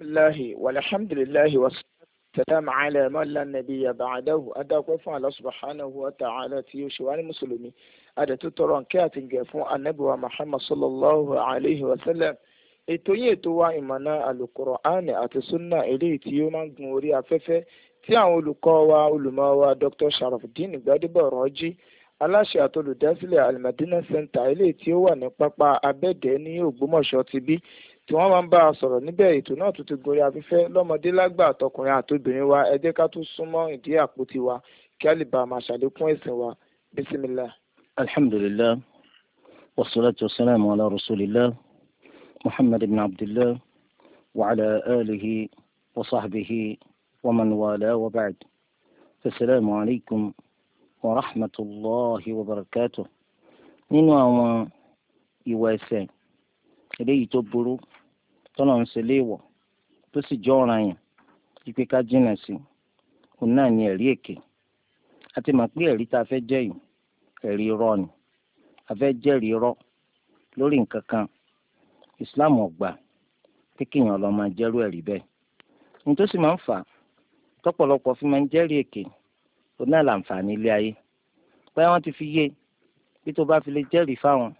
الله والحمد لله والسلام على من لا نبي بعده adákọ fún Allah subhanahu wa ta'ala tí ó ṣe wá ní mùsùlùmí adẹ̀tú tọrọ nkẹ́ àti ngẹ̀ fún anabiwa muhammad sallallahu alayhi wa sallam ètò yìí ètò wa ìmọ̀nà al-Qur'an àti sunna eléyìí tí ó máa ń gun orí afẹ́fẹ́ tí àwọn olùkọ́ wa olùmọ̀ wa dr sharafdin gbadebo rọ́jí aláṣẹ àtolùdásílẹ̀ al center eléyìí tí ó wà ní pápá abẹ́dẹ̀ ní ògbómọ̀ṣọ́ ti bí tí wọ́n máa ń bá a sọ̀rọ̀ níbẹ̀ ètò náà tún ti gorí afẹ́fẹ́ lọ́mọdé lágbà àtọkùnrin àtobìnrin wa ẹ jẹ́ ká tún súnmọ́ ìdí àpótí wa kí a lè bá a máa ṣàlékún ẹ̀sìn wa bísímilà. alhamdulilah wasalaatu wasalaamu ala rasulillah muhammad ibn abdillah wa ala alihi wa sahbihi wa man wala wa ba'd asalaamu alaykum wa rahmatulahi wa barakatuh nínú àwọn ìwà ẹ̀ṣẹ̀ eléyìí tó burú tọ́nà ń ṣe léèwọ̀ tó sì jọ ọ̀ràn yẹn wípé ká jìnnà sí òun náà ni ẹ̀rí èké a ti pé ẹ̀rí tá a fẹ́ jẹ́ yìí ẹ̀rí irọ́ ni a fẹ́ jẹ́rìí irọ́ lórí nǹkan kan Islam ò gbà pé kéèyàn lọ máa jẹ́rú ẹ̀rí bẹ́ẹ̀ ní tó sì máa ń fà tọ́pọ̀lọpọ̀ fi máa ń jẹ́rìí èké òun náà làǹfààní ilé ayé pé wọ́n ti fi yé bí tó bá fi lè jẹ́rìí fáwọn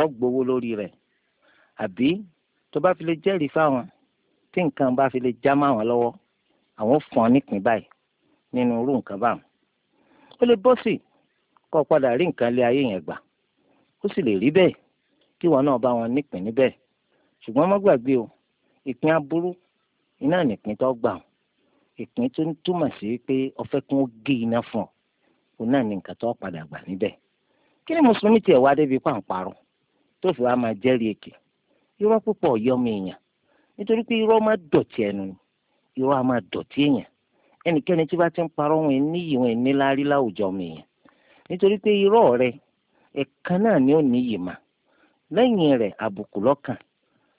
ó gbowó lórí rẹ̀ àbí tó bá fi lè jẹ́rìí fáwọn tí nǹkan bá fi lè já má wọn lọ́wọ́ àwọn ò fún ọ nípìn báyìí nínú irú nǹkan báwọn. ó lè bọ́ sí kó padà rí nǹkan lé ayé yẹn gbà ó sì lè rí bẹ́ẹ̀ kí wọn náà bá wọn nípìn níbẹ̀ ṣùgbọ́n má gbàgbé o ìpín aburú iná nìpín tó gbà ọ́ ìpín tó ń túmọ̀ sí pé ọfẹ́ kí wọ́n gé iná fún ọ òun náà ní nǹkan tó padà gbà níbẹ̀ kí ni mùsùlùmí tiẹ̀ wá débi pàǹparọ̀ tó fi wá máa jẹ́rìí èké irọ́ púpọ̀ yọmọ èèyàn nítorí pé irọ́ máa dọ̀tí ẹnu irọ́ á máa dọ̀tí èèyàn ẹnikẹ́ni tí bá ti ń parọ́ wọn níyì wọn níláárí láwùjọ ọmọ èèyàn nítorí pé irọ́ rẹ ẹ̀kan ni ó níyì mà lẹ́yìn rẹ̀ àbùkù lọ́kàn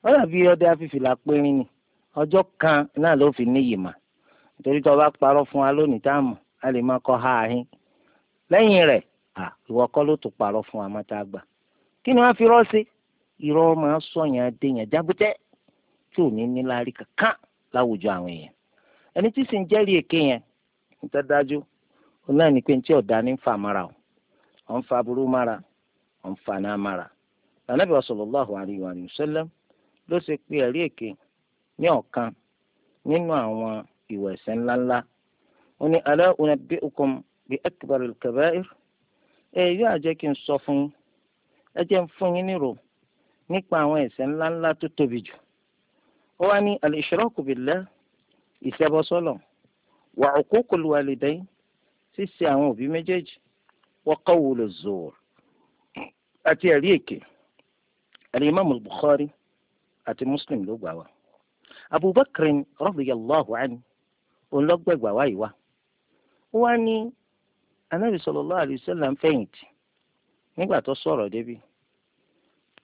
wọ́n dàbí ọdẹ afífìlà périn ni ọjọ́ kan náà ló fi níyì mà nítorí fún wa lónìí a mọ̀ a lè kọ́ ha ahín lẹ́yìn rẹ̀ ló tún parọ́ fún wa mọ́tá gbà fi rọ́ sí irọ́ máa sọ̀yàn adéyàn jábútẹ́ tí ò ní níláárí kankan láwùjọ àwọn èèyàn ẹni tí sì ń jẹ́rìí èké yẹn níta dájú ó náà ní pé ní tí ọ̀dà ní ń fa mara o ọ̀ ń fa burú mara ọ̀ ń fa náà mara lànàbí wa sallallahu alayhi wa sallam ló ṣe pé ẹ̀rí èké ní ọ̀kan nínú àwọn ìwà ẹ̀ṣẹ̀ ńláńlá ó ní ala unabbi'ukum bi akbaril kaba'ir ẹ̀ yóò àjẹ́ kí n sọ fún yín ẹ jẹ́ ń fún yín nírò nípa àwọn ẹ̀ṣẹ̀ ńláńlá tó tóbi jù ó wá ní al-ishraku billah ìṣẹbọsọlọ wa uququl walidayn ṣíṣe àwọn òbí méjèèjì wa qawlu zoor àti ẹ̀rí èké al-imam al-bukhari àti muslim ló gbà wá abubakar radiyallahu anhu òun ló gbẹgbà wá ìwá ó wá ní anabi sallallahu alayhi wa sallam nígbà tó sọ̀rọ̀ débi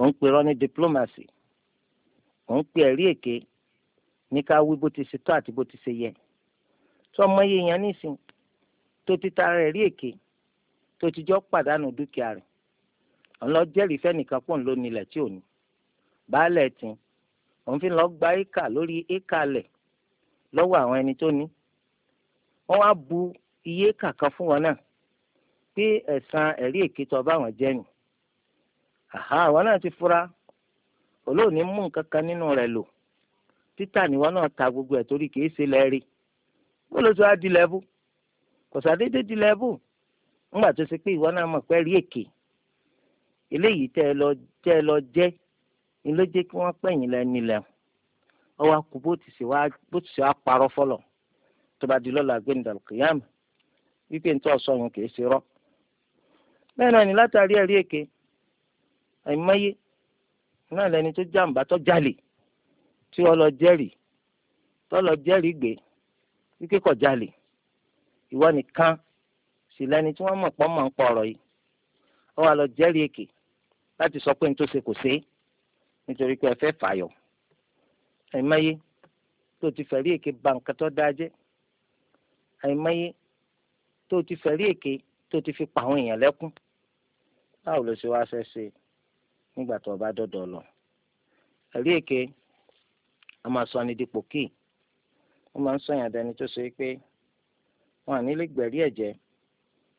ò ń pèrọ ní diplomacy ò ń pè ẹ̀rí èké ní ká wí bó ti ṣe tó àti bó ti ṣe yẹ tó ọmọ yìí yan nísìn tó ti tara ẹ̀rí èké tó ti jọ pàdánù dúkìá rẹ̀ ọ̀nlọ jẹ́rìí fẹ́nìkan pọ̀ ń lò nílẹ̀ tí ò ní baálẹ̀ tí òun fi lọ gba éka lórí éka lẹ̀ lọ́wọ́ àwọn ẹni tó ní wọ́n wá bu iye éka kan fún wọn náà pé ẹ̀san ẹ̀rí èké tó bá wọn jẹ́ nìí àwọn náà ti fura olóòní mú nǹkan kan nínú rẹ̀ lò títà níwọ náà ta gbogbo ẹ̀ torí kìí ṣe lẹ́ẹ̀rí bó ló di lẹ́bù kò sàdédé di lẹ́bù ńgbà tó ṣe pé ìwọ náà mọ̀ pé rí èké eléyìí tẹ́ ẹ lọ tẹ́ ẹ lọ jẹ́ ni ló jẹ́ kí wọ́n pẹ̀yìn lẹ́ni lẹ́hùn ọwọ́ akú bó ti ṣe wá bó ti ṣe wá parọ́ fọlọ̀ tó bá di lọ́la gbẹ̀ndà kìyàmù wípé ní tó kìí ṣe rọ́ bẹ́ẹ̀ náà ni látàrí ẹ̀rí èké àìmọye náà lẹni tó jàǹbá tó jalè tí ó lọ jẹ́rìí tó lọ jẹ́rìí gbé wípé kò jalè ìwọ nìkan sì lẹni tí wọ́n mọ̀ pọ́ mọ̀ ń pa ọ̀rọ̀ yìí ó wà lọ jẹ́rìí èké láti sọ pé n tó ṣe kò ṣe nítorí pé ẹ fẹ́ fàyọ àìmọye tó ti fẹ̀rí èké ba nǹkan tó dáa jẹ́ àìmọye tó ti fẹ̀rí èké tó ti fi pa àwọn èèyàn lẹ́kún báwo ló ṣe wá fẹ́ ṣe é nígbà tó o bá dọ̀dọ̀ lọ. ẹ̀rí èké a máa sọ ni dípò kíì wọ́n máa ń sọ yàn dání tó ṣe pé wọn à nílé gbẹ̀rí ẹ̀jẹ̀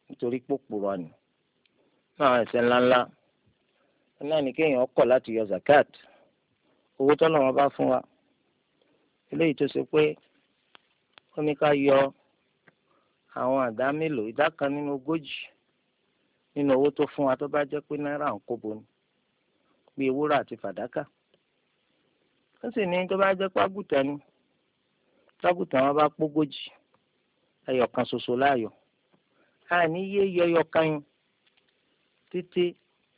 nítorí pòpùrọ̀ ni. fún àwọn ńláńlá náà ni kéèyàn kọ̀ láti yọ zakat owó tọ́nà wọn bá fún wa eléyìí tó ṣe pé ó ní ká yọ àwọn àdá mélòó ìdá kan nínú ogójì nínú owó tó fún wa tó bá jẹ́ pé náírà ń kóbo ni pé wúrà àti fàdákà ó sì ní tó bá jẹ́ pàgùtàn ni pàgùtàn wọn bá pógójì ẹyọkan ṣoṣo láàyò àní yé yọyọkan yín títí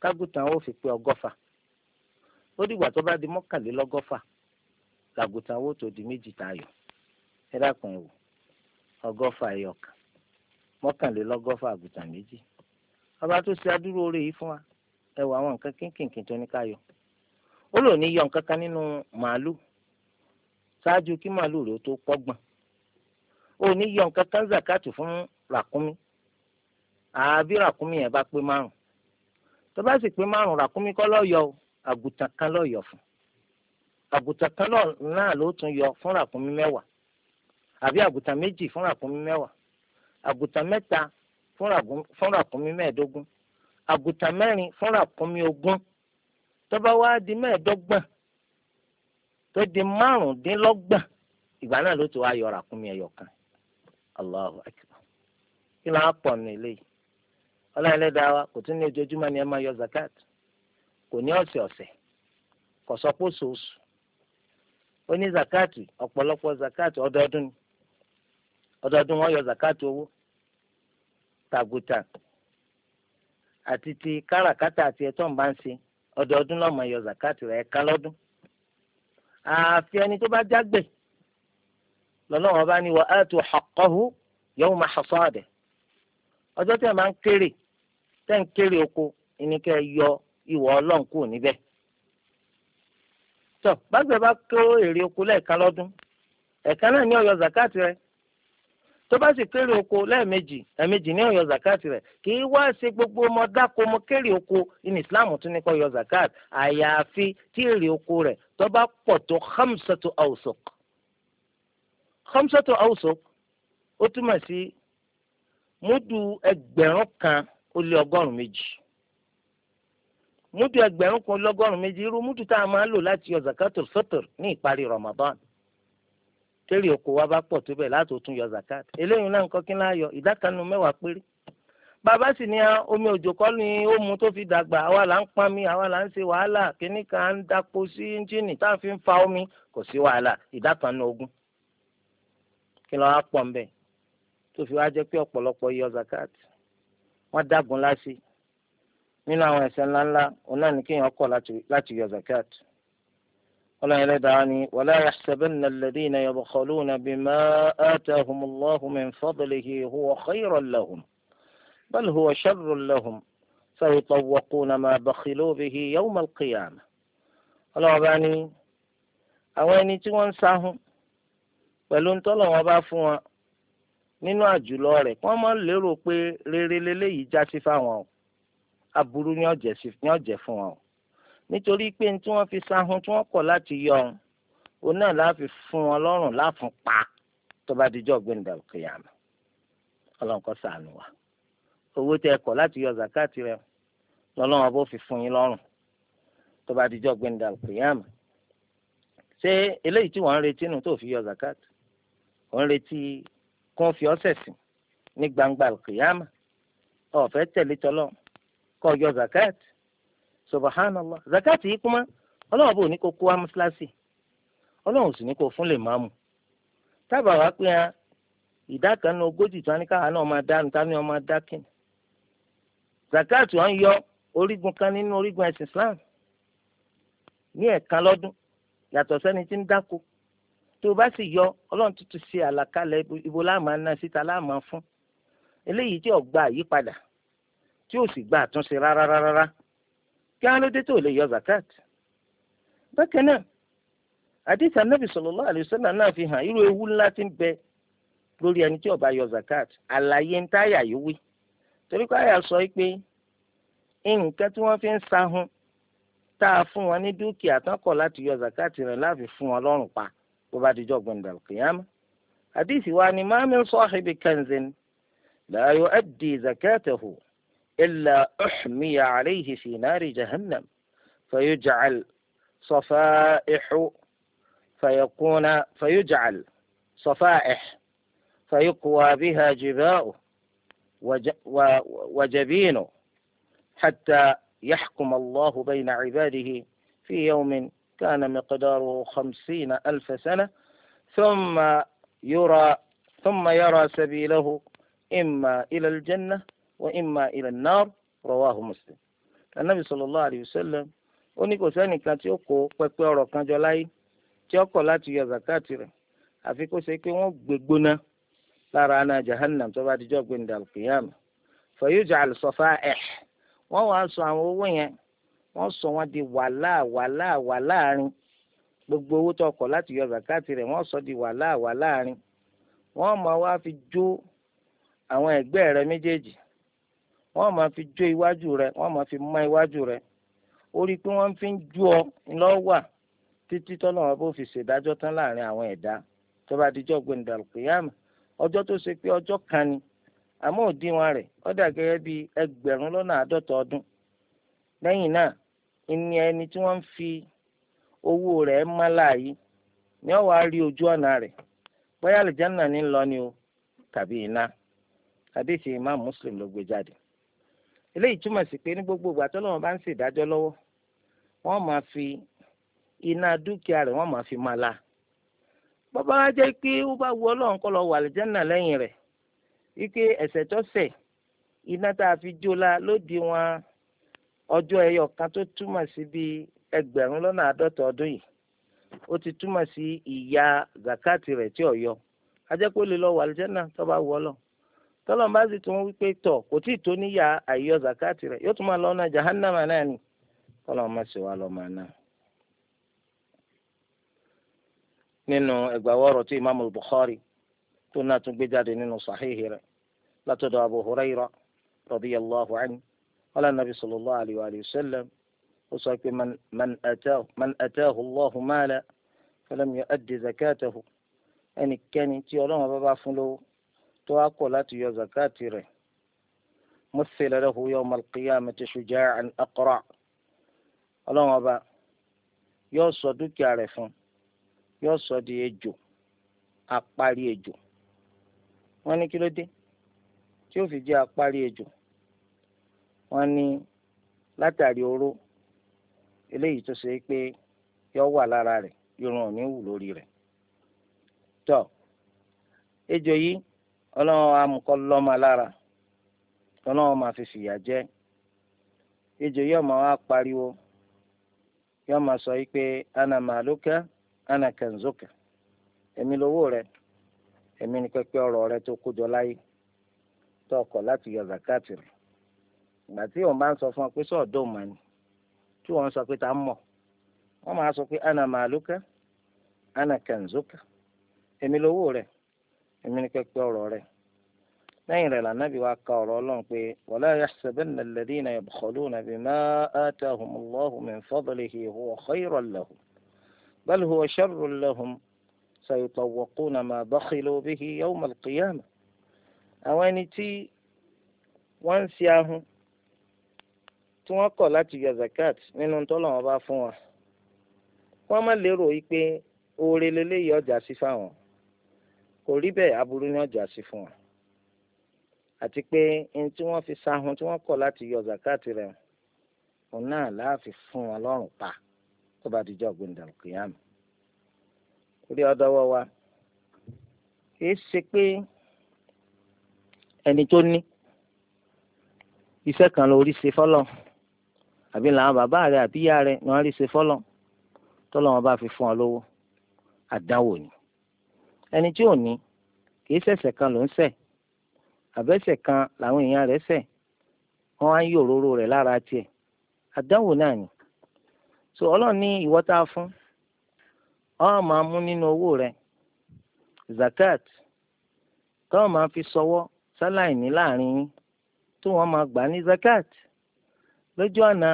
kágùtàn ó fi pé ọgọ́fà ó dìgbà tó bá di mọ́kànlélọ́gọ́fà làgùtàn ó tó di méjì tayọ ẹ dákun ẹ wò ọgọ́fà ẹyọkan mọ́kànlélọ́gọ́fà àgùtàn méjì ọba tó ṣe adúrú oore yìí fún wa ẹ wọ àwọn nǹkan kínkìnkì tó ní káyọ ó lò ní yọ nǹkan kan nínú màálù ṣáájú kí màálù rẹ ó tó pọ́gbọ̀n ó ní yọ nǹkan kan zakatu fún ràkúnmí àbí ràkúnmí yẹn bá pé márùn tó bá sì pé márùn ràkúnmí kọ́ ló yọ àgùntàn kan ló yọ fún àgùntàn kan náà ló tún yọ fún ràkúnmí mẹ́wàá àbí àgùntàn méjì fún ràkúnmí mẹ́wàá àgùntàn mẹ́ta fún ràkúnmí mẹ́ẹ̀ẹ́dógún àgùntàn mẹ́rin fúnra kúnmi ogún tó bá wá di mẹ́ẹ̀ẹ́dọ́gbọ̀n tó di márùndínlọ́gbọ̀n ìgbà náà ló ti wá yọ ràkúnmí ẹyọ kan Allahu akbar kí ló á pọ̀ ní ilé yìí ọlọ́run ẹlẹ́dàá wa kò tún ní ojoojúmọ́ ni ẹ máa yọ zakat kò ní ọ̀sẹ̀ ọ̀sẹ̀ kò sọ pé oṣooṣù ó ní zakat ọ̀pọ̀lọpọ̀ zakat ọdọọdún ni ọdọọdún wọn yọ zakat owó tàgùtà àti ti káràkátà àti ẹ̀tọ́ ń bá ń ṣe ọdọọdún lọ́mọ yọ zakati rẹ̀ ẹ̀ka lọ́dún. àfi ẹni tó bá jágbe lọ́nà wọn bá ní wa atu haqqahu yawma hasadihi ọjọ́ tẹ̀ máa ń kéré tẹ̀ ń kéré oko ìníkẹ́ yọ ìwọ ọlọ́run kù níbẹ̀. tọ́ bàgbẹ́ bá kó èrè oko lẹ́ẹ̀kan lọ́dún ẹ̀ka náà ní ọ̀yọ́ zakati rẹ̀ tó bá sì kéré oko lẹ́ẹ̀mejì ẹ̀ẹ̀mejì ní ó yọ zakat rẹ̀ kì í wá ṣe gbogbo ọmọ dáko ọmọ kéré oko ní islam tún ní kó yọ zakat àyàfi tí èrè oko rẹ̀ tó bá pọ̀ tó hamsatu awusok hamsatu awusok ó túmọ̀ sí múdù ẹgbẹ̀rún kan ó lé ọgọ́rùn-ún méjì múdù ẹgbẹ̀rún kan ó lé ọgọ́rùn-ún méjì irú múdù tá a máa lò láti yọ zakat al ní ìparí ramadan tẹ́lẹ̀ oko wa bá pọ̀ tó bẹ̀ láti tún yọ zakat eléyìí náà nǹkan kí n láyọ ìdá kan nu mẹ́wàá péré bàbá sì ní omi òjò kọ́ ni ó mu tó fi dàgbà àwa là ń pami àwa là ń ṣe wàhálà kíní kan ń dàpọ̀ sí ẹ́ńjìnì tá a fi ń fa omi kò sí wàhálà ìdá kan nu ogún kí lọ́ọ́ á pọ̀ ń bẹ̀ tó fi wá jẹ́ pé ọ̀pọ̀lọpọ̀ yọ zakat wọ́n dàgùn láṣì nínú àwọn ẹ̀ṣẹ̀ ńláńlá òun náà ní kéèyàn kọ̀ láti yọ zakat ọlọ́run ẹlẹ́dàá ni wala yahsabanna alladhina yabkhaluna bima atahumullahu min fadlihi huwa khayran lahum bal huwa sharrun lahum sayutawwaquna ma bakhilu bihi yawma al-qiyamah ọlọ́run bá ní àwọn ẹni tí wọ́n ń sáhùn pẹ̀lú ntọ́lọ̀ wọn bá fún wọn nínú àjùlọ rẹ̀ wọ́n máa ń lérò pé rere leléyìí já sí fáwọn o aburú ni ọ̀jẹ̀ fún wọn o nítorí pé ní tí wọ́n fi sahun tí wọ́n kọ̀ láti yọ ọ̀hún òun náà láfi fún wọn lọ́rùn láfún pa tó bá dijọ́ gbẹ̀ndà kìyàmù ọlọ́nkọ́ sànù wa owó tẹ kọ̀ láti yọ zakati rẹ lọ́lọ́wọ́n bó fi fún yín lọ́rùn tó bá dijọ́ gbẹ̀ndà kìyàmù ṣé eléyìí tí wọ́n ń retí nù tó fi yọ zakati ò ń retí kó fi ọ́sẹ̀ sìn ní gbangba kìyàmù ọ̀fẹ́ tẹ̀lé tọ́lọ́ kó yọ zakati subhanallah zakati yìí kuma ọlọ́run bò ní kó kó ọlọ́run sì ní kó fún lè máa mú tábà wá pé ya ìdá kan ní ogójì tí ní káwa náà máa tá ní zakati wọn yọ orígun kan nínú orígun ẹ̀sìn islam ní ẹ̀ẹ̀kan lọ́dún yàtọ̀ sẹ́ni tí ń dáko tó o bá sì yọ ọlọ́run tuntun ṣe àlàkalẹ̀ ibo síta fún eléyìí tí gba tí ò sì kí á ló dé tó lè yọ zakat bákan náà àdìsá nàbì sallallahu alaihi wasallam náà fi hàn irú ewu ńlá tí ń bẹ lórí ẹni tí ó bá yọ zakat àlàyé ń táyà yìí wí torí pé àyà sọ pé nǹkan tí wọ́n fi ń sahun tá a fún wọn ní dúkìá tán kọ̀ láti yọ zakat rẹ̀ láàfin fún wọn lọ́rùn pa bó bá dijọ́ gbẹ̀ndàlù kìyàmá àdìsí wa ni ma min sahibi kanzin la yu'addi zakatahu إلا أحمي عليه في نار جهنم فيجعل صفائح فيكون فيجعل صفائح فيقوى بها جباؤه وجبينه حتى يحكم الله بين عباده في يوم كان مقداره خمسين ألف سنة ثم يرى ثم يرى سبيله إما إلى الجنة wa imma ila an-nar rawahu muslim anabi sallallahu alayhi wa sallam ó ní kò tí ó kó pẹpẹ ọ̀rọ̀ kan jọ láyé tí ó kọ̀ láti yọ zakati rẹ̀ àfi kó ṣe pé wọ́n gbé gbóná lára ana jahannam tó bá dijọ́ wọ́n di wàhálà wàhálà wàhálà gbogbo owó tó kọ̀ láti yọ zakati sọ di wàhálà wàhálà wọ́n wá fi jó àwọn ẹ̀gbẹ́ wọ́n máa fi jó iwájú rẹ wọ́n máa fi má iwájú rẹ ori rí i pé wọ́n fi ń ju ọ lọ́wà títí tọ́nà wọn bó fi ṣèdájọ́ tán láàrin àwọn ẹ̀dá tọba bá dijọ́ ọjọ́ tó ṣe pé ọjọ́ kan ni àmọ́ òdiwọ̀n rẹ̀ ó dà gẹ́gẹ́ ẹgbẹ̀rún lọ́nà àádọ́ta ọdún lẹ́yìn náà ìní ẹni tí wọ́n fi owó rẹ̀ má láàyè ni ó wàá rí ojú ọ̀nà rẹ̀ lọ ni o tàbí iná àdéhìí Imam Muslim ló eléyìí túmọ̀ sí pé ní gbogbo ìgbà tọ́lọ́run bá ń ṣèdájọ́ lọ́wọ́ wọ́n máa fi iná dúkìá rẹ̀ wọ́n máa fi máa la bọ́bá wa jẹ́ pé ó bá wu ọlọ́run kọ́ lọ wà lẹ́yìn rẹ̀ wípé iná tá a fi jó la ló di wọn ọjọ́ ẹyọ kan tó túmọ̀ sí bíi ti túmọ̀ yọ lọ wà àlìjánà tó tọ́lọ̀ bá sì tún wípé tọ̀ kò tí ì tó níyà àyọ zakati rẹ̀ yóò tún máa lọ́nà jahannama náà ni tọ́lọ̀ má sì wá lọ́mọ náà. nínú ẹgbàwọ́rọ̀ tí imaamu bukhari tó náà tún gbé jáde nínú sàhíhì rẹ̀ látọ̀dọ̀ abu huraira radiyallahu anhu wala nabi sallallahu alayhi wa sallam ó sọ pé man ataahu allahu maala falam yu'addi zakatahu ẹnikẹ́ni tí ọlọ́run bá bá fún lówó tó wá kọ̀ láti yọ zakati rẹ̀ mọ́sẹ̀lẹ̀ rẹ̀ hùwẹ́ ọmọ alqiyamati shuja'an aqra ọlọ́run ọba yóò sọ dúkìá rẹ̀ fún yóò sọ di ejò apárí ejò wọ́n ní kí ló dé tí ó fi jẹ́ apárí ejò wọ́n ní látàrí oró eléyìí tó ṣe é pé yóò wà lára rẹ̀ irun ò ní wù lórí rẹ̀ tọ́ ejò yìí ọlọ́run amukọ́ lọ́mọ lára ọlọ́run máa fi fìyà jẹ ejò yóò máa wá pariwo yóò máa sọ yìí pé ana màlúkà ana kanzuka èmi lówó rẹ èmi ni pẹpẹ ọrọ̀ rẹ tó kójọ láyé tó láti yọ zakati rẹ ìgbà tí wọn bá ń sọ fún ọ pé sọọdọ mà ni tí wọn sọ pé ta mọ wọn máa sọ pé ana màlúkà ana kanzuka èmi lówó rẹ èmi ní kẹ́kẹ́ ọ̀rọ̀ rẹ̀ lẹ́yìn rẹ̀ lànàbí wa ka ọ̀rọ̀ ọlọ́run pé wala yahsabanna alladhina yabkhuluna bima atahumullahu min fadlihi huwa khayran lahum bal huwa sharrun lahum sayutawwaquna ma bakhilu bihi yawma al-qiyamah àwọn ẹni tí wọ́n ń ṣe ahun tí wọ́n kọ̀ láti yọ zakat nínú tọ́lọ́wọ́n bá fún wa wọ́n kò rí bẹ́ẹ̀ aburú ní ọjà sí fún wa àti pé ní tí wọ́n fi sahun tí wọ́n kọ̀ láti yọ zakati rẹ̀ òun náà láàfi fún wọn lọ́rùn pa tó bá dijọ́ gbẹ̀ndà kìyàmù orí ọdọwọ́ wa kìí ṣe pé ẹni tó ní iṣẹ́ kan lórí ṣe fọ́lọ́ àbí làwọn bàbá rẹ̀ àbí ìyá rẹ̀ ni wọ́n rí ṣe fọ́lọ́ tọ́lọ́ wọn bá fi fún ọ lówó àdánwò ni ẹni tí ò ní kìí í kan ló ń ṣẹ̀ àbẹ́sẹ̀ kan làwọn èèyàn rẹ̀ sẹ̀. wọ́n á yí òróró rẹ̀ lára tiẹ̀ àdánwò náà ni so ọlọ́run ní ìwọ tá a fún ọ́ máa mú nínú owó rẹ̀ zakat tó máa fi sọwọ́ sáláìní láàrin yín tó wọ́n máa gbà ní zakat lójú àná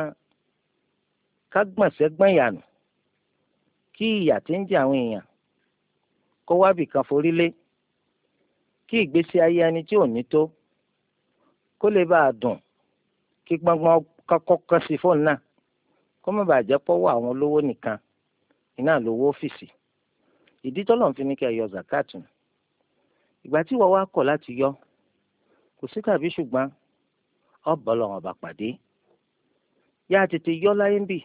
kágbọ̀nsẹ̀ gbọ̀nyànù kí ìyà tí ń jẹ àwọn èèyàn kó wábì kan forí lé kí ìgbésí ayé ẹni tí ò ní tó kó lè bá a dùn kí gbọ́ngbọ́n kọ́kọ́ sí fóònù náà kó má bàa jẹ́ pọ́wọ́ àwọn olówó nìkan iná lówó ọ́fíìsì ìdí tọ́lọ̀ fi ní kí ẹ yọ zakat nù ìgbà tí wọ́n wá kọ̀ láti yọ kò sí tàbí ṣùgbọ́n ọ̀bọ̀ lọ́wọ́n bá pàdé yá tètè yọ láyé ń bì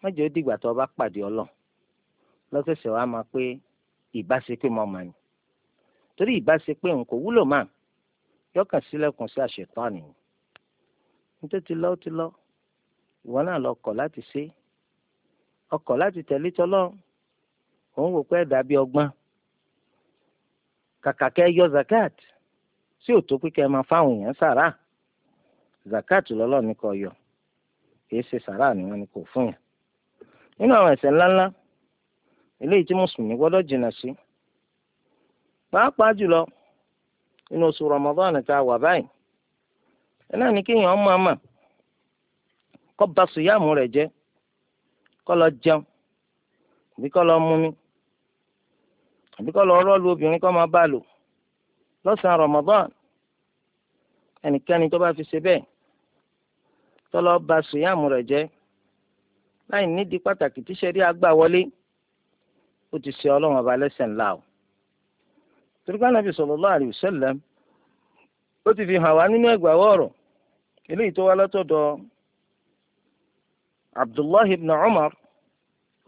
má dìgbà tó o bá pàdé ọlọ́ lọ́sẹ̀sẹ̀ wàá máa pé ìbáṣepé mọ́ ni torí ìbáṣepé òun kò wúlò máa yọkàn sílẹkùn sí àṣetán ni nítorí ti lọ ti lọ ìwọ náà lọ kọ̀ láti ṣe ọkọ̀ láti tẹ̀lé tọ́lọ́ òun wò pé ẹ̀dá bíi yọ zakat sí òtó pé máa fáwọn èèyàn sàrà zakat yọ ṣe sàrà ni kò fún yàn nínú eléyìí tí mùsùlùmí gbọ́dọ̀ jìnnà sí pàápàá jùlọ nínú oṣù Ramadan tá a wà báyìí ẹ náà ní kéèyàn ọmọ àmà kó ba sùyàmù rẹ̀ jẹ́ kó lọ jẹun àbí kó lọ mumi àbí kó lọ rọ́ọ̀lù obìnrin kó máa bá lò lọ́sàn-án Ramadan tó bá fi ṣe bẹ́ẹ̀ tó lọ sùyàmù rẹ̀ jẹ́ láì nídìí pàtàkì tíṣẹ́rí àgbà wọlé ó ti ṣe ọlọ́run ọba lẹ́sẹ̀ ńlá o tìrìkà nàbì sallallahu alaihi wasallam ó ti fi hàn wá nínú ẹgbàáwọ̀ ọ̀rọ̀ eléyìí tó wá látọ̀dọ̀ abdullahi ibn umar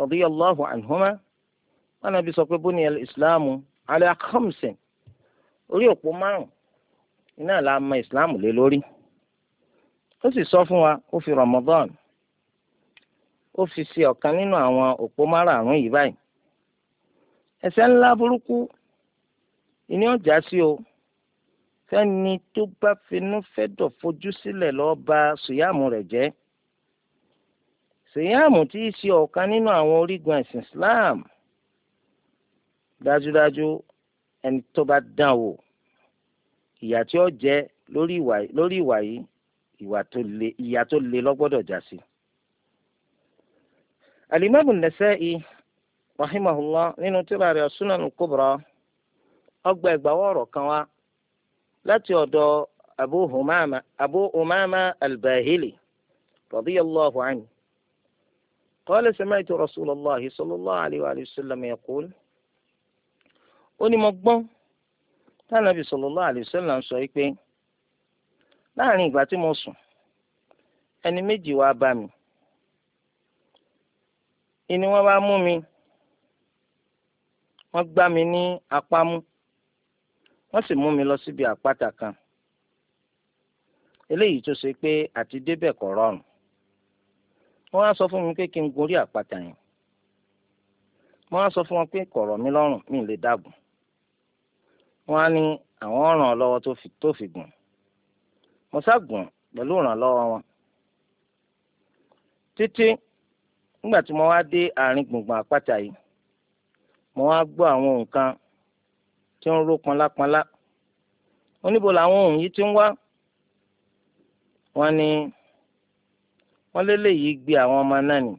radiyallahu anhuma wọn nàbì sọ pé bóni ìsìláàmù ala khamsin orí òpó márùn iná là á mọ ìsìláàmù lé lórí ó sì sọ fún wa ó fi ramadan ó fi ṣe ọ̀kan nínú àwọn òpó márùn yìí báyìí ẹ̀ṣẹ̀ ńlá burúkú ìní ọjà sí o fẹ́ni tó bá finú fẹ́ dọ̀ fojú sílẹ̀ ba sùyàmù rẹ̀ jẹ́ sùyàmù tí í ṣe ọ̀kan nínú àwọn orígun ẹ̀sìn Islam dájúdájú ẹni tó bá dán wò ìyà tí ó jẹ lórí ìwà yìí ìwà tó le ìyà tó le sí. Al-Imam An-Nasa'i rahimahullah nínú tírà rẹ̀ sunan kubra ọgbà ẹgbàá ọ̀rọ̀ kan wá láti ọ̀dọ̀ abu umama abu umama albahili radiyallahu anhu qala sami'tu rasulallahi sallallahu alayhi wa sallam yaqul ó ní mo gbọ́n tánàbì sallallahu alayhi wa sallam sọ pé láàrin ìgbà tí mo sùn ẹni méjì wá bá mi ìní wọn bá mú mi wọ́n gbá mi ní apá mú wọ́n sì mú mi lọ síbi àpáta kan eléyìí tó ṣe pé àti débẹ̀ kò rọrùn wọ́n á sọ fún mi pé kí n gorí àpáta yẹn wọ́n á sọ fún wọn pé kọ̀rọ̀ mi lọ́rùn mi lè dàgùn wọ́n á ní àwọn ràn án lọ́wọ́ tó fi gùn mo ságùn pẹ̀lú ìrànlọ́wọ́ wọn títí nígbà tí mo wá dé àárín gbùngbùn àpáta yìí mo wá gbọ́ àwọn nǹkan tí ń ró panlápanlá oníbo làwọn ohun yìí ti ń wá wọ́n ní wọ́n lélẹ́yìí gbé àwọn ọmọ náà nì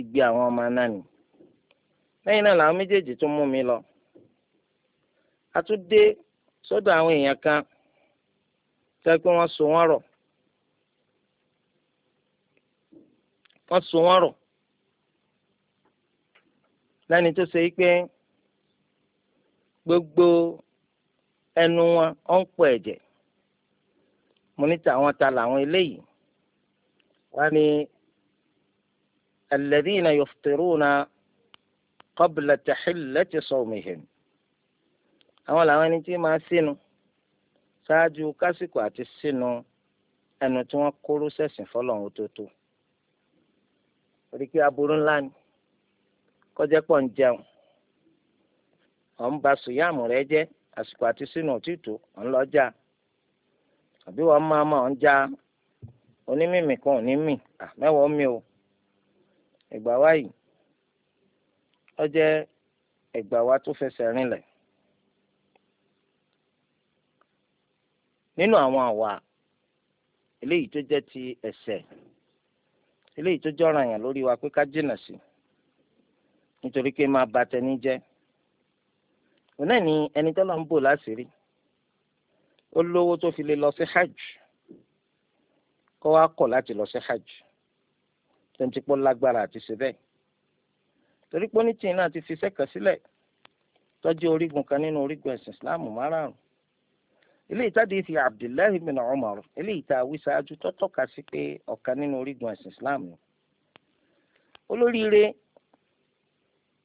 ìgbé àwọn ọmọ náà nì lẹ́yìn náà làwọn méjèèjì tún mú mi lọ a sọ́dọ̀ àwọn èèyàn kan tẹ́ pé wọ́n so wọ́n rọ̀ wọ́n so wọ́n rọ̀ lẹ́ni tó ṣe pé gbogbo ẹnu wọn ọ̀ ń pọ̀ ẹ̀jẹ̀ mo ní tàwọn ta làwọn eléyìí wọ́n ní alladhina yuftiruna qabla tahillati sawmihim àwọn làwọn ẹni tí máa sínú ṣáájú kásìkò àti sínú ẹnu tí wọ́n kóró sẹ̀sìn fọlọ́run tó tó orí pé aburú ńlá ni kọjá pọ̀ ń jẹun ọ̀ ń ba rẹ jẹ́ àsìkò àti sínú òtítù ọ̀ ń àbí ma ọ̀ ń já onímìmì kan ò ní mì o ìgbà wa yìí jẹ́ ìgbà wa tó fẹsẹ̀ rinlẹ̀ nínú àwọn àwa eléyìí tó jẹ́ ti ese eléyìí tó jẹ́ ọ̀ranyàn lórí wa pé ká sí nítorí pé máa ba tẹni jẹ́ òun náà ni ẹni tó lọ ń bò láṣìírí ó lówó tó fi lè lọ sí hajj kó wá kọ̀ láti lọ sí hajj tó ń ti pọ́ lágbára àti ṣe bẹ́ẹ̀ torí pé ní tìǹ ti fi sẹ́kàn sílẹ̀ tọ́jú orígun kan nínú orígun ẹ̀sìn islam márààrún ilé ìtàdé ti abdullahi bin umar ilé ìta àwíṣáájú tó tọ́ka sí pé ọ̀kan nínú orígun ẹ̀sìn islam ni olóríire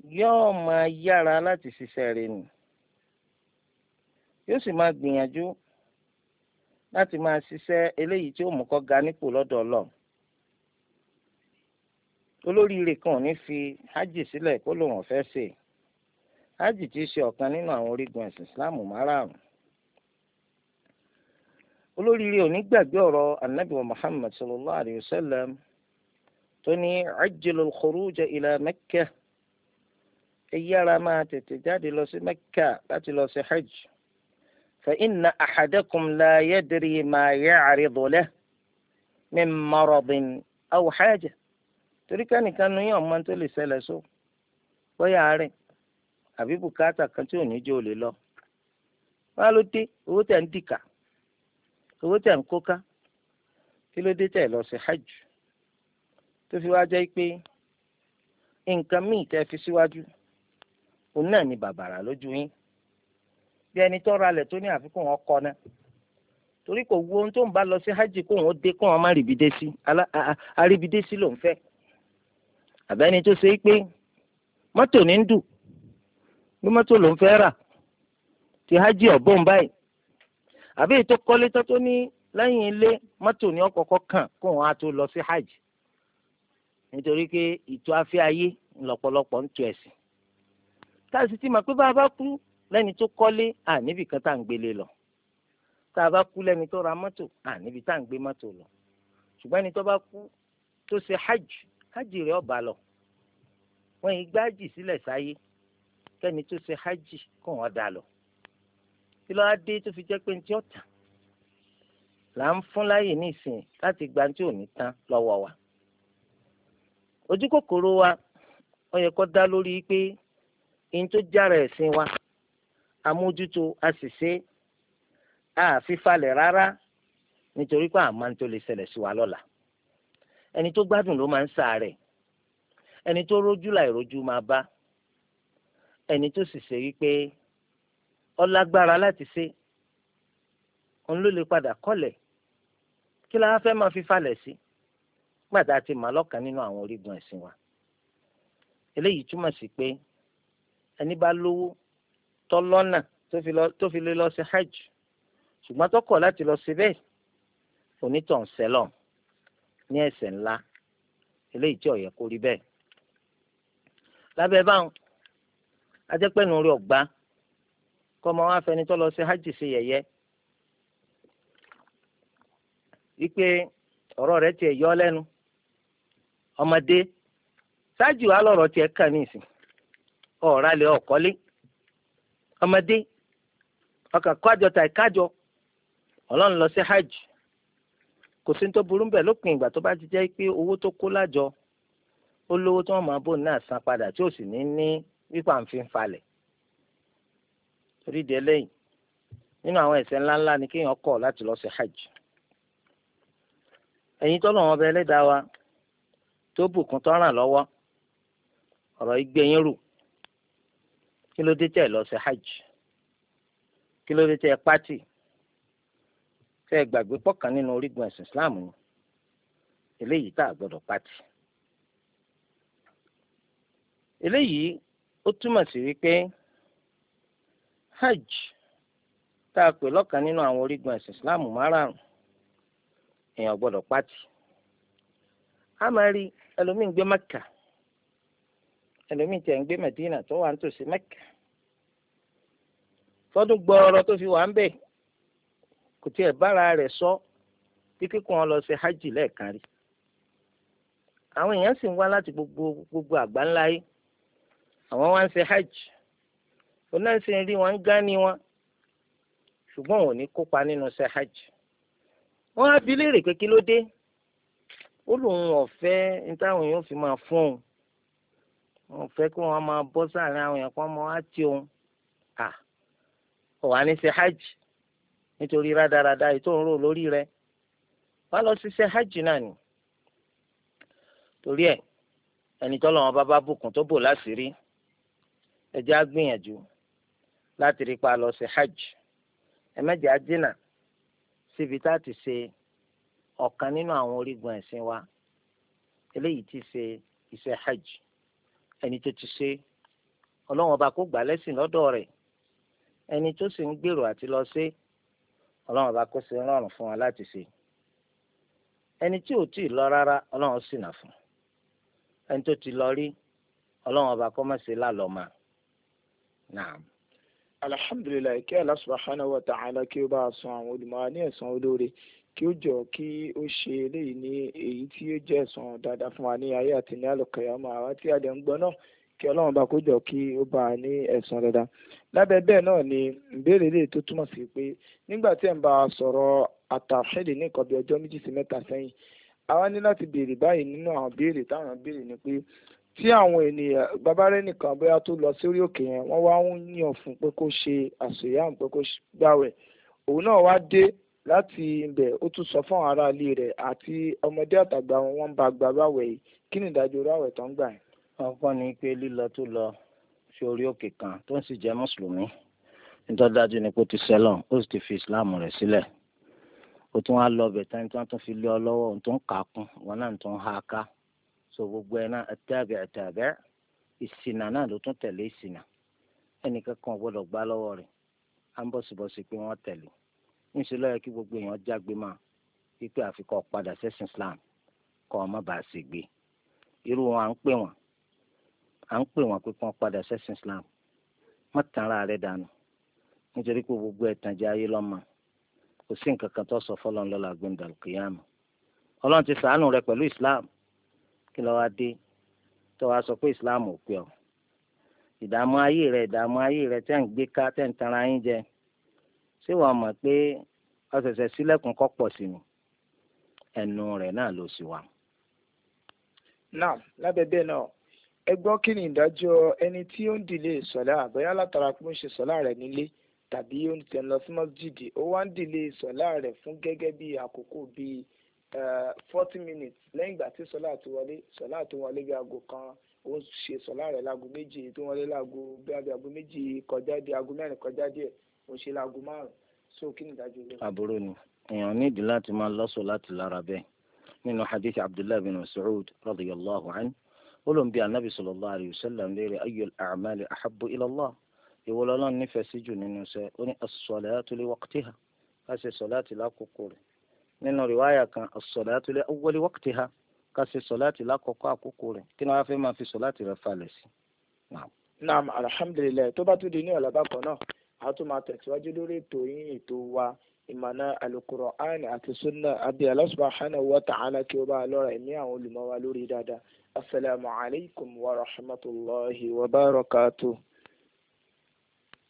yóò máa yára láti ṣiṣẹ́ rẹ̀ nù yóò sì máa gbìyànjú láti máa ṣiṣẹ́ eléyìí tí ó mú kó ga nípò lọ́dọ̀ Ọlọ́run olóríire kan ò ní fi hajj sílẹ̀ kó lòun fẹ́ ṣe hajj ti ṣe ọ̀kan nínú àwọn orígun ẹ̀sìn Islam márààrún olóríire ò ní gbàgbé ọ̀rọ̀ anabi Muhammad sallallahu alayhi wa sallam tó ní ajjalul khuruja ila Makkah ẹ yára máa tètè jáde lọ sí mẹ́kà láti lọ sí hajj fa inna ahadakum la yadri ma ya'ridu lahu min maradin aw haja torí kánìkan nu yín ọmọ tó lè ṣẹlẹ̀ só bóyá àárẹ̀ àbí bùkátà kan tí ò ní jẹ́ ò lọ wá ló dé owó tẹ̀ ń dìkà owó tẹ̀ ń kóká kí ló dé tẹ̀ lọ sí hajj tó fi wá jẹ́ pé nǹkan míì tẹ́ fi síwájú. Si òun náà ni bàbàrà lójú yín bí ẹni tó ra tó ní àfikún ọkọ náà torí kò wu ohun tó ń bá lọ sí hajj kó wọn dé kó wọn má rìbìdé sí àrìbìdé sí ló fẹ́ àbẹ́ni tó ṣe é pé mọ́tò ní ń dù bí mọ́tò rà ti hajj ọ̀bọ̀n báyìí àbí ètò kọ́lé tó ní lẹ́yìn ilé mọ́tò ní ọ̀kọ̀ọ̀kọ̀ kàn kó á tó tá a sì ti mọ̀ pé bá a bá kú lẹ́ni tó kọ́lé àníbì kan tá à ń gbélé lọ tá a bá kú lẹ́ni tó ra mọ́tò àníbì tá à ń gbé mọ́tò lọ ṣùgbọ́n ẹni tó bá kú tó ṣe hajj hajj rẹ̀ ọba lọ wọ́n yìí gbájì sílẹ̀ sáyé kẹ́ni tó ṣe hajj kò wọ́n dà lọ kí ló á dé tó fi jẹ́ pé ní tí ó là ń fún láyè nísìnyí láti gba tí ò ní tán lọ́wọ́ wa ojú kòkòrò wa ó yẹ kó dá lórí pé in tó jára ẹ̀sìn wa amójútó àṣìṣe àfífalẹ̀ rárá nítorí pé àmọ́ tó lè ṣẹlẹ̀ sí wa lọ́la ẹni tó gbádùn ló máa ń ṣàárẹ̀ ẹni tó rójú láìrójú máa bá ẹni tó sì ṣe wípé ó lágbára láti ṣe òun ló lè padà kọ́lẹ̀ kí la fẹ́ máa fi sí gbàdá ti nínú àwọn orígun ẹ̀sìn wa eléyìí túmọ̀ sí pé. ẹni bá lówó tọ́lọ́nà tó fi lè lọ sí hajj ṣùgbọ́n tó kọ̀ láti lọ sí bẹ́ẹ̀ onítàn sẹ́lọ̀ ní ẹ̀ṣẹ̀ ńlá eléyìí tí ó yẹ kó rí bẹ́ẹ̀. lábẹ́ báwọn ajẹ́pẹ́nu rí ọ̀gbá kọ́ ọmọ wa fẹni tó lọ sí hajj ṣe yẹ̀yẹ́ wípé ọ̀rọ̀ rẹ̀ tiẹ̀ yọ lẹ́nu ọmọdé ṣáájú alọ̀rọ̀ tiẹ̀ kàn nísìnyí ọ̀rálẹ̀ ọ̀kọ́lé ọmọdé ọkàn kájọ tàì kájọ ọlọ́run lọ sí hajj kò sí tó burú bẹ́ẹ̀ lópin ìgbà tó bá ti jẹ́ pé owó tó kó lájọ ó lówó tí wọ́n máa bò náà san padà tí ò sì ní ní pípa nfin ni kéèyàn kọ̀ láti lọ sí hajj ẹ̀yin tọ́lọ̀ wọn bẹ ẹlẹ́dàá wa tó bùkún tó ràn kí ló dé tẹ́ lọ sí hajj kí ló dé tẹ́ pátì tẹ́ gbàgbé pọ̀kan nínú orígun ẹ̀sìn islam ni eléyìí tá a gbọ́dọ̀ pátì eléyìí ó túmọ̀ sí wípé hajj tá a pè lọ́kan nínú àwọn orígun ẹ̀sìn islam márààrún èèyàn gbọ́dọ̀ pátì a máa rí ẹlòmíín gbé mẹ́kà ẹlòmíì tiẹ̀ ń gbé Mẹ̀dínà tó wà nítòsí Mẹ́kà tọdún gbọọrọ tó fi wà ń bẹ̀ kò tiẹ̀ bára rẹ̀ sọ bí kíkún lọ sí hajj lẹ́ẹ̀kan rí àwọn èèyàn sì ń wá láti gbogbo gbogbo àgbáńlá yìí àwọn wá ń ṣe hajj onáṣẹ rí wọn ń gán ní wọn ṣùgbọ́n wọn ò ní kópa nínú ṣe hajj wọn á bi léèrè pé kí ló dé ó lóun ọ̀fẹ́ ní táwọn èèyàn fi máa fún òun wọn fẹ́ kí wọ́n máa bọ́ sáàrin àwọn yẹn kí wọ́n máa wá tí òun à ọ̀ wá ní ṣe hajj nítorí rádaràda ètò òun rò lórí rẹ wá lọ sí ṣe hajj náà ni torí ẹ ẹni tọ́lọ̀ wọn bá bá bùkún tó bò láṣìírí ẹ jẹ́ á gbìyànjú láti rí pa lọ sí hajj ẹ á dínà síbi tá a ti ṣe ọ̀kan nínú àwọn orígun ẹ̀sìn wa eléyìí ti ṣe iṣẹ́ hajj ẹni tó ti ṣe ọlọ́run ọba kó gbà lẹ́sìn lọ́dọ̀ rẹ̀ ẹni tó sì ń gbèrò àti lọ ṣe ọlọ́run ọba kó ṣe rọrùn fún wa láti ṣe ẹni tí ò tí ì lọ rárá ọlọ́run sì nà fún ẹni tó ti lọ rí ọlọ́run ọba kó má ṣe lálọ́ máa naam. alhamdulilayi kí Allah subhanahu wa ta'ala kí o bá a san àwọn olùmọ̀ ní ẹ̀san olóore kí ó jọ kí ó ṣe eléyìí ní èyí tí ó jẹ́ ẹ̀san dáadáa fún wa ní ayé àti ní àlùkìyámà àwa tí a dẹ̀ ń gbọ́ náà kí ọlọ́run bá kó jọ kí ó bá a ní ẹ̀san dáadáa lábẹ́ bẹ́ẹ̀ náà ni ìbéèrè lè tó túmọ̀ sí pé nígbà tí ẹ̀ ń bá a sọ̀rọ̀ àtàfẹ́lì ní nǹkan bí ọjọ́ méjì sí mẹ́ta sẹ́yìn àwa ní láti béèrè báyìí nínú àwọn béèrè táwọn béèrè ni pé tí àwọn ènìyàn babalẹ nìkan bóyá tó lọ sórí òkè yẹn wọ́n wá ń yàn fún pé kó ṣe àṣeyàn pé kó gbàwẹ̀ òun náà wá dé láti ibẹ̀ ó tún sọ fún ará ilé rẹ̀ àti ọmọdé àtàgbà wọn bá gba ráwẹ̀ yìí kí ni ìdájọ́ ráwẹ̀ tó ń gbà yẹn. ọkọ ni pé lílọ tó lọ sí orí òkè kan tó ń sì jẹ́ mùsùlùmí nítorí dájú ni pé ti sẹ́lọ̀n ó sì ti fi islam rẹ̀ sílẹ̀ ó tún wá lọ bẹ̀tẹ́ ní tí wọ́n tún fi lé ọ lọ́wọ́ ohun tó ń kà á kún wọn náà tó ń ha ká so gbogbo ẹ̀ náà ẹ̀tẹ́bẹ̀ ẹ̀tẹ́bẹ̀ ìṣìnà náà ló tún tẹ̀lé ìṣìnà ẹnìkan kan ò gbọ́dọ̀ gbá lọ́wọ́ rẹ̀ á ń bọ̀sibọ̀si pé wọ́n tẹ̀lé níṣẹ́ lọ́yẹ kí gbogbo èèyàn jágbe máa wípé àfikọ́ padà sẹ́sìn Islam kọ́ ọ má bàa ṣègbè irú wọn à ń pè wọn à ń pè wọn pé kí padà sẹ́sìn Islam má tàn ara rẹ̀ dànù nítorí pé gbogbo ẹ̀tànjẹ ayé lọ́mọ kò sí nǹkan kan tó sọ fọlọ́n lọ́la gbẹ̀ndà kìyàmù ọlọ́run ti ṣàánú rẹ pẹ̀lú Islam kí ló wá dé tó wá sọ pé Islam ò pé ọ ìdààmú ayé rẹ ìdààmú ayé rẹ tẹ́ ń gbé ká tẹ́ ń tanra yín jẹ ṣé wàá mọ̀ pé ọ̀sẹ̀sẹ̀ sílẹ̀kùn kọ́ pọ̀ sí ni ẹnu rẹ̀ náà ló sì wà. náà lábẹ́ bẹ́ẹ̀ náà ẹ gbọ́ kí ni ìdájọ́ ẹni tí ó ń dìlé ìsọ̀lá àbẹ́yà látara pé ó ń ṣe sọ̀lá rẹ̀ nílé tàbí ó ń tẹ̀ lọ sí mọ́sídìdì ó wá ń dìlé ìsọ̀lá rẹ̀ fún gẹ́gẹ́ bí àkókò bíi forty minutes lẹ́yìn ìgbà tí sọ̀lá ti wọlé sọ̀lá ti wọlé bí aago kan ó ń ṣe sọ̀lá rẹ̀ láago méjì tó wọlé láago bí aago méjì kọjá di aago mẹ́rin kọjá díẹ̀ ó ṣe láago márùn so kí ni ìdájọ́ ilé. àbúrò ni èèyàn nídìí láti máa lọ́sọ̀ láti lára bẹ́ẹ̀ nínú hadith abdullahi bin mas'ud radiyallahu anhu olùbí anabi sallallahu alayhi wa sallam léèrè ayyul a'mali ahabbu ila Allah ìwọlọ́lọ́ nífẹ̀ẹ́ sí jù nínú iṣẹ́ ó ní as-salatu li waqtiha ká ṣe sọ̀láàtì lákòókò rẹ̀ nínú rìwáyà kan as-salatu li awwali waqtiha ká ṣe sọ̀láàtì lákòókò àkókò rẹ̀ kí ni wọ́n á fẹ́ máa fi sọ̀láàtì rẹ̀ falẹ̀ sí. naam alhamdulilayi tó bá tún di ní ọ̀làbà kan náà a tún máa tẹ̀síwájú lórí ètò yín ètò wa ìmọ̀nà alukur'an àti sunna àbí Allah subhanahu wa ta'ala kí ó bá lọ́ra ẹ̀mí àwọn olùmọ̀ lórí dáadáa asalaamualeykum wa rahmatulahi wa barakatuh.